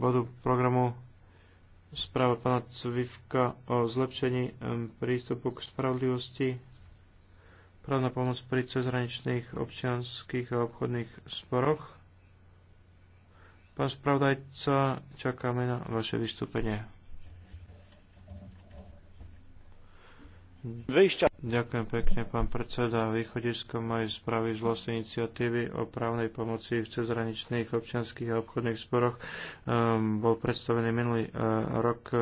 bodu programu správa pána Cvivka o zlepšení prístupu k spravodlivosti, právna pomoc pri cezhraničných občianských a obchodných sporoch. Pán spravodajca, čakáme na vaše vystúpenie. Ďakujem pekne, pán predseda. Východisko mojej správy z vlastnej iniciatívy o právnej pomoci v cezhraničných občianských a obchodných sporoch um, bol predstavený minulý uh, rok uh,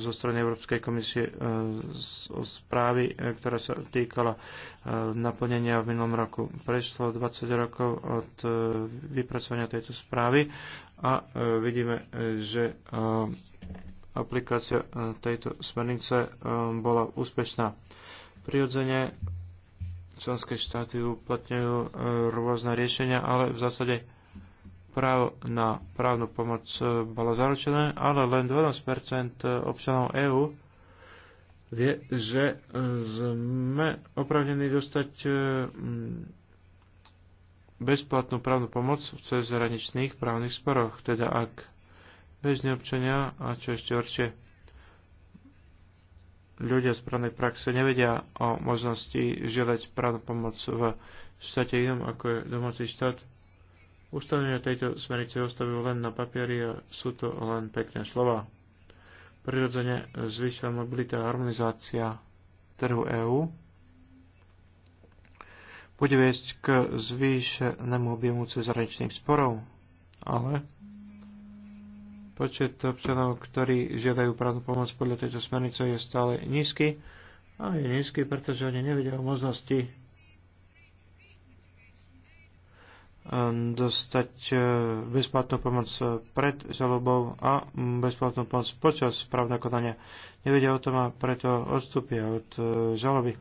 zo strany Európskej komisie uh, o správy, uh, ktorá sa týkala uh, naplnenia v minulom roku. Prešlo 20 rokov od uh, vypracovania tejto správy a uh, vidíme, že uh, aplikácia e, tejto smernice e, bola úspešná. Prirodzene členské štáty uplatňujú e, rôzne riešenia, ale v zásade právo na právnu pomoc bolo zaručené, ale len 12 občanov EÚ vie, že sme opravnení dostať bezplatnú právnu pomoc v cezhraničných právnych sporoch. Teda ak bežní občania a čo ešte horšie, ľudia z právnej praxe nevedia o možnosti žiadať právnu pomoc v štáte inom, ako je domáci štát. Ustavenie tejto smernice ostavujú len na papieri a sú to len pekné slova. Prirodzene zvyšila mobilita a harmonizácia trhu EÚ bude viesť k zvýšenému objemu cezhraničných sporov, ale Počet občanov, ktorí žiadajú právnu pomoc podľa tejto smernice je stále nízky a je nízky, pretože oni nevedia o možnosti ehm, dostať e, bezplatnú pomoc pred žalobou a bezplatnú pomoc počas právneho konania. Nevedia o tom a preto odstúpia od e, žaloby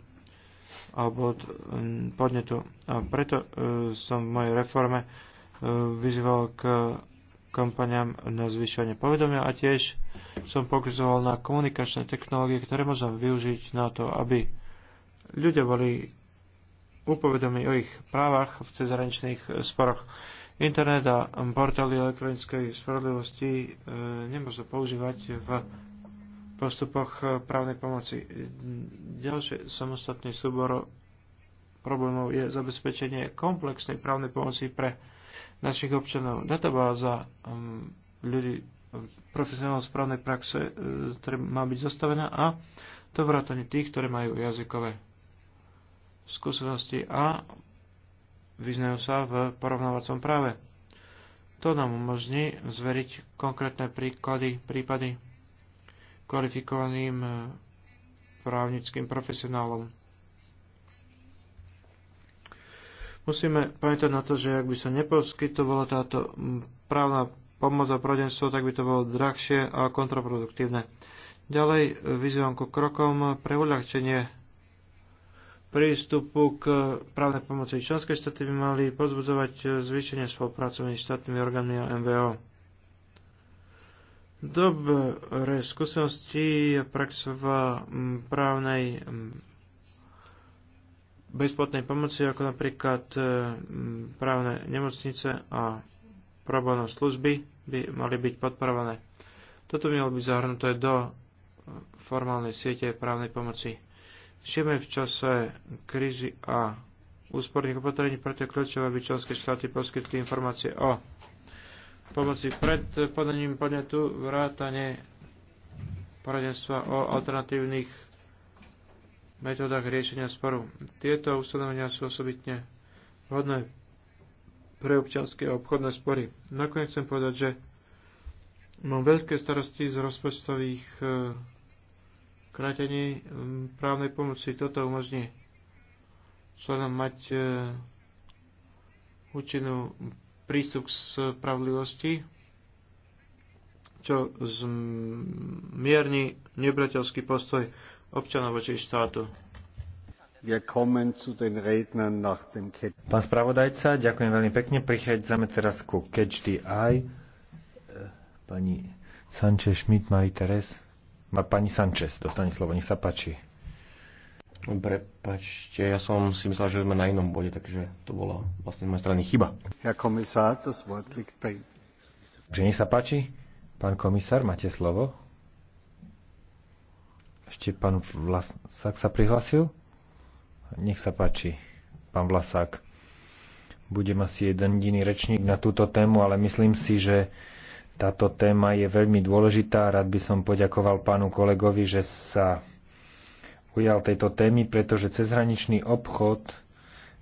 alebo od podnetu. A preto e, som v mojej reforme vyzýval k kampaniám na zvyšovanie povedomia a tiež som pokusoval na komunikačné technológie, ktoré môžem využiť na to, aby ľudia boli upovedomí o ich právach v cezhraničných sporoch. Internet a portály elektronickej spravodlivosti e, nemôžu používať v postupoch právnej pomoci. Ďalší samostatný súbor problémov je zabezpečenie komplexnej právnej pomoci pre našich občanov. Databáza um, ľudí um, profesionálnej správnej praxe, uh, ktorá má byť zostavená a to vrátanie tých, ktorí majú jazykové skúsenosti a vyznajú sa v porovnávacom práve. To nám umožní zveriť konkrétne príklady, prípady kvalifikovaným uh, právnickým profesionálom. Musíme pamätať na to, že ak by sa neposkytovala táto právna pomoc a prodenstvo, tak by to bolo drahšie a kontraproduktívne. Ďalej vyzývam ku krokom pre uľahčenie prístupu k právnej pomoci. Členské štáty by mali pozbudzovať zvýšenie spolupráce medzi štátnymi orgánmi a MVO. Dobré skúsenosti a prax v právnej bezplatnej pomoci, ako napríklad e, právne nemocnice a problémov služby by mali byť podporované. Toto by malo byť zahrnuté do e, formálnej siete právnej pomoci. Žijeme v čase krízy a úsporných opatrení, preto je kľúčové, aby členské štáty poskytli informácie o pomoci pred podaním podnetu, vrátane poradenstva o alternatívnych metodách riešenia sporu. Tieto ustanovenia sú osobitne vhodné pre občianske a obchodné spory. Nakoniec chcem povedať, že mám veľké starosti z rozpočtových e, krátení právnej pomoci. Toto umožní členom mať e, účinnú prístup k spravlivosti, čo zmierni nebrateľský postoj občanov voči štátu. Pán spravodajca, ďakujem veľmi pekne. Prichádzame teraz ku Catch the Eye. Eh, pani Sanchez Schmidt, Marie Teres. Pani Sanchez, dostane slovo, nech sa páči. Prepačte, ja som si myslel, že sme na inom bode, takže to bola vlastne z mojej strany chyba. Herr komisár, das Wort liegt bei Takže nech sa páči, pán komisár, máte slovo. Ešte pán Vlasák sa prihlasil? Nech sa páči, pán Vlasák. Budem asi jeden jediný rečník na túto tému, ale myslím si, že táto téma je veľmi dôležitá. Rád by som poďakoval pánu kolegovi, že sa ujal tejto témy, pretože cezhraničný obchod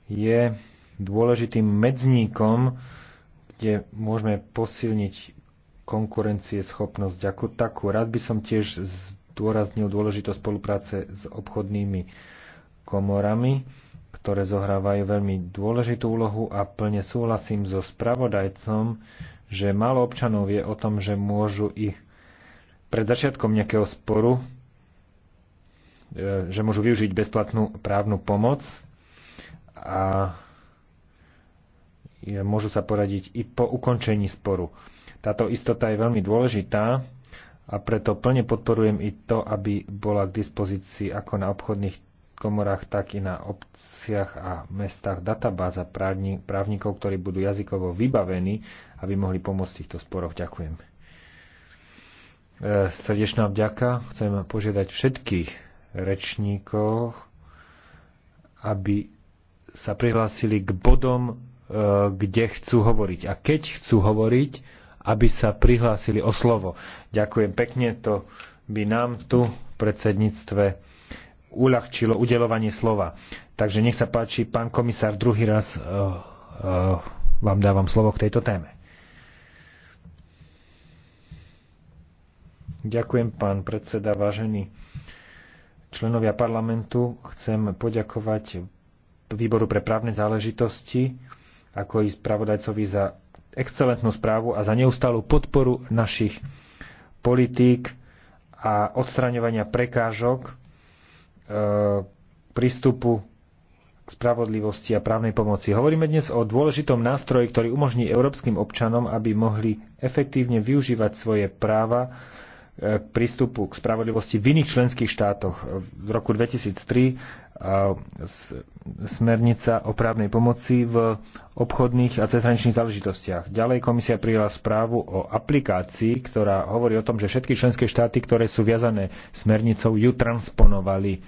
je dôležitým medzníkom, kde môžeme posilniť schopnosť ako takú. Rád by som tiež zdôraznil dôležitosť spolupráce s obchodnými komorami, ktoré zohrávajú veľmi dôležitú úlohu a plne súhlasím so spravodajcom, že málo občanov vie o tom, že môžu ich pred začiatkom nejakého sporu, e, že môžu využiť bezplatnú právnu pomoc a môžu sa poradiť i po ukončení sporu. Táto istota je veľmi dôležitá a preto plne podporujem i to, aby bola k dispozícii ako na obchodných komorách, tak i na obciach a mestách databáza právnikov, ktorí budú jazykovo vybavení, aby mohli pomôcť v týchto sporoch. Ďakujem. E, srdečná vďaka. Chcem požiadať všetkých rečníkov, aby sa prihlásili k bodom, e, kde chcú hovoriť. A keď chcú hovoriť, aby sa prihlásili o slovo. Ďakujem pekne, to by nám tu v predsedníctve uľahčilo udelovanie slova. Takže nech sa páči, pán komisár, druhý raz uh, uh, vám dávam slovo k tejto téme. Ďakujem, pán predseda, vážení členovia parlamentu. Chcem poďakovať výboru pre právne záležitosti, ako i spravodajcovi za excelentnú správu a za neustálu podporu našich politík a odstraňovania prekážok e, prístupu k spravodlivosti a právnej pomoci. Hovoríme dnes o dôležitom nástroji, ktorý umožní európskym občanom, aby mohli efektívne využívať svoje práva E, prístupu k spravodlivosti v iných členských štátoch. E, v roku 2003 e, smernica o právnej pomoci v obchodných a cezhraničných záležitostiach. Ďalej komisia prijala správu o aplikácii, ktorá hovorí o tom, že všetky členské štáty, ktoré sú viazané smernicou, ju transponovali.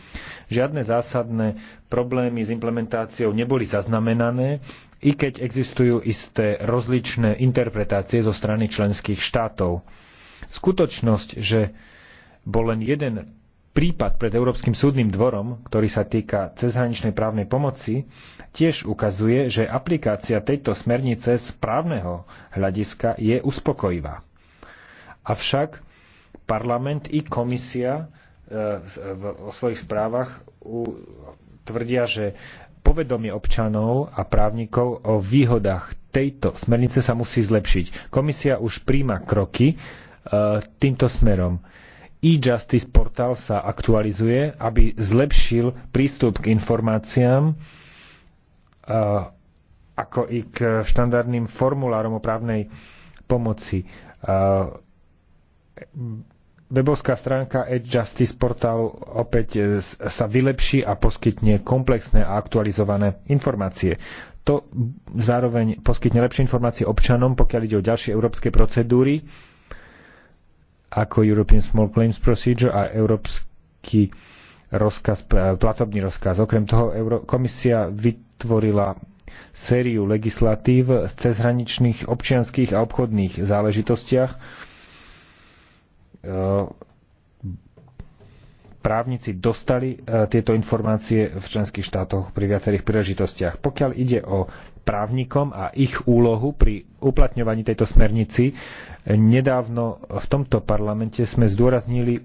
Žiadne zásadné problémy s implementáciou neboli zaznamenané, i keď existujú isté rozličné interpretácie zo strany členských štátov Skutočnosť, že bol len jeden prípad pred Európskym súdnym dvorom, ktorý sa týka cezhraničnej právnej pomoci, tiež ukazuje, že aplikácia tejto smernice z právneho hľadiska je uspokojivá. Avšak parlament i komisia e, o svojich správach tvrdia, že povedomie občanov a právnikov o výhodách tejto smernice sa musí zlepšiť. Komisia už príjma kroky, týmto smerom. E-Justice portál sa aktualizuje, aby zlepšil prístup k informáciám, e, ako i k štandardným formulárom o právnej pomoci. E, webovská stránka Edge Justice portálu opäť e, sa vylepší a poskytne komplexné a aktualizované informácie. To zároveň poskytne lepšie informácie občanom, pokiaľ ide o ďalšie európske procedúry, ako European Small Claims Procedure a Európsky rozkaz, eh, platobný rozkaz. Okrem toho Euró- komisia vytvorila sériu legislatív v cezhraničných občianských a obchodných záležitostiach. Eh, právnici dostali eh, tieto informácie v členských štátoch pri viacerých príležitostiach. Pokiaľ ide o právnikom a ich úlohu pri uplatňovaní tejto smernici. Nedávno v tomto parlamente sme zdôraznili e,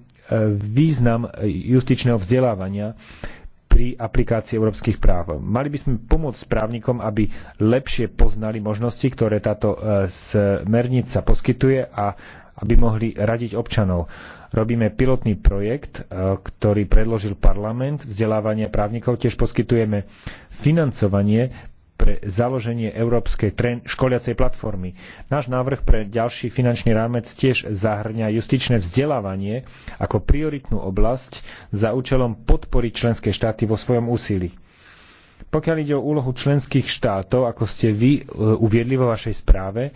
význam justičného vzdelávania pri aplikácii európskych práv. Mali by sme pomôcť právnikom, aby lepšie poznali možnosti, ktoré táto e, smernica poskytuje a aby mohli radiť občanov. Robíme pilotný projekt, e, ktorý predložil parlament, vzdelávanie právnikov, tiež poskytujeme financovanie pre založenie Európskej školiacej platformy. Náš návrh pre ďalší finančný rámec tiež zahrňa justičné vzdelávanie ako prioritnú oblasť za účelom podporiť členské štáty vo svojom úsilí. Pokiaľ ide o úlohu členských štátov, ako ste vy e, uviedli vo vašej správe,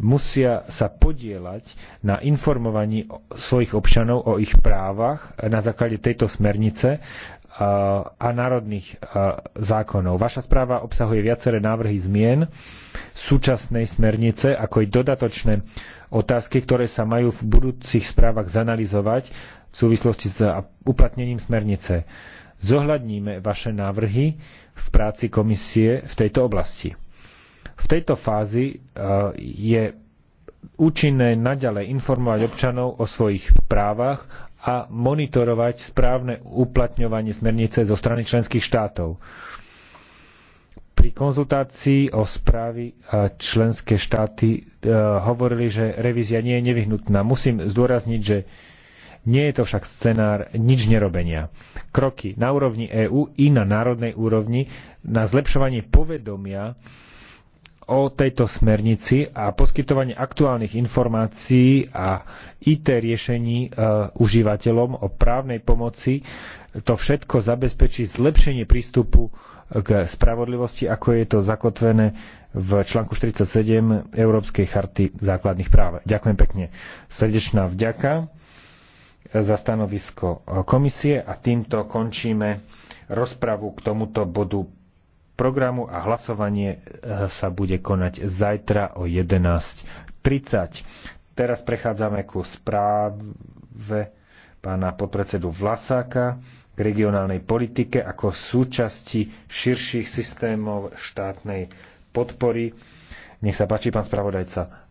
musia sa podielať na informovaní svojich občanov o ich právach na základe tejto smernice a národných zákonov. Vaša správa obsahuje viaceré návrhy zmien súčasnej smernice, ako aj dodatočné otázky, ktoré sa majú v budúcich správach zanalizovať v súvislosti s uplatnením smernice. Zohľadníme vaše návrhy v práci komisie v tejto oblasti. V tejto fázi e, je účinné naďalej informovať občanov o svojich právach a monitorovať správne uplatňovanie smernice zo strany členských štátov. Pri konzultácii o správy e, členské štáty e, hovorili, že revízia nie je nevyhnutná. Musím zdôrazniť, že nie je to však scenár nič nerobenia. Kroky na úrovni EÚ i na národnej úrovni na zlepšovanie povedomia o tejto smernici a poskytovanie aktuálnych informácií a IT riešení e, užívateľom o právnej pomoci. To všetko zabezpečí zlepšenie prístupu e, k spravodlivosti, ako je to zakotvené v článku 47 Európskej charty základných práv. Ďakujem pekne. Srdečná vďaka e, za stanovisko e, komisie a týmto končíme rozpravu k tomuto bodu programu a hlasovanie e, sa bude konať zajtra o 11.30. Teraz prechádzame ku správe pána podpredsedu Vlasáka k regionálnej politike ako súčasti širších systémov štátnej podpory. Nech sa páči, pán spravodajca.